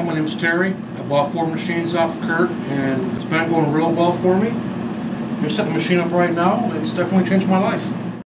Hi, my name's Terry. I bought four machines off Kurt, and it's been going real well for me. Just set the machine up right now. It's definitely changed my life.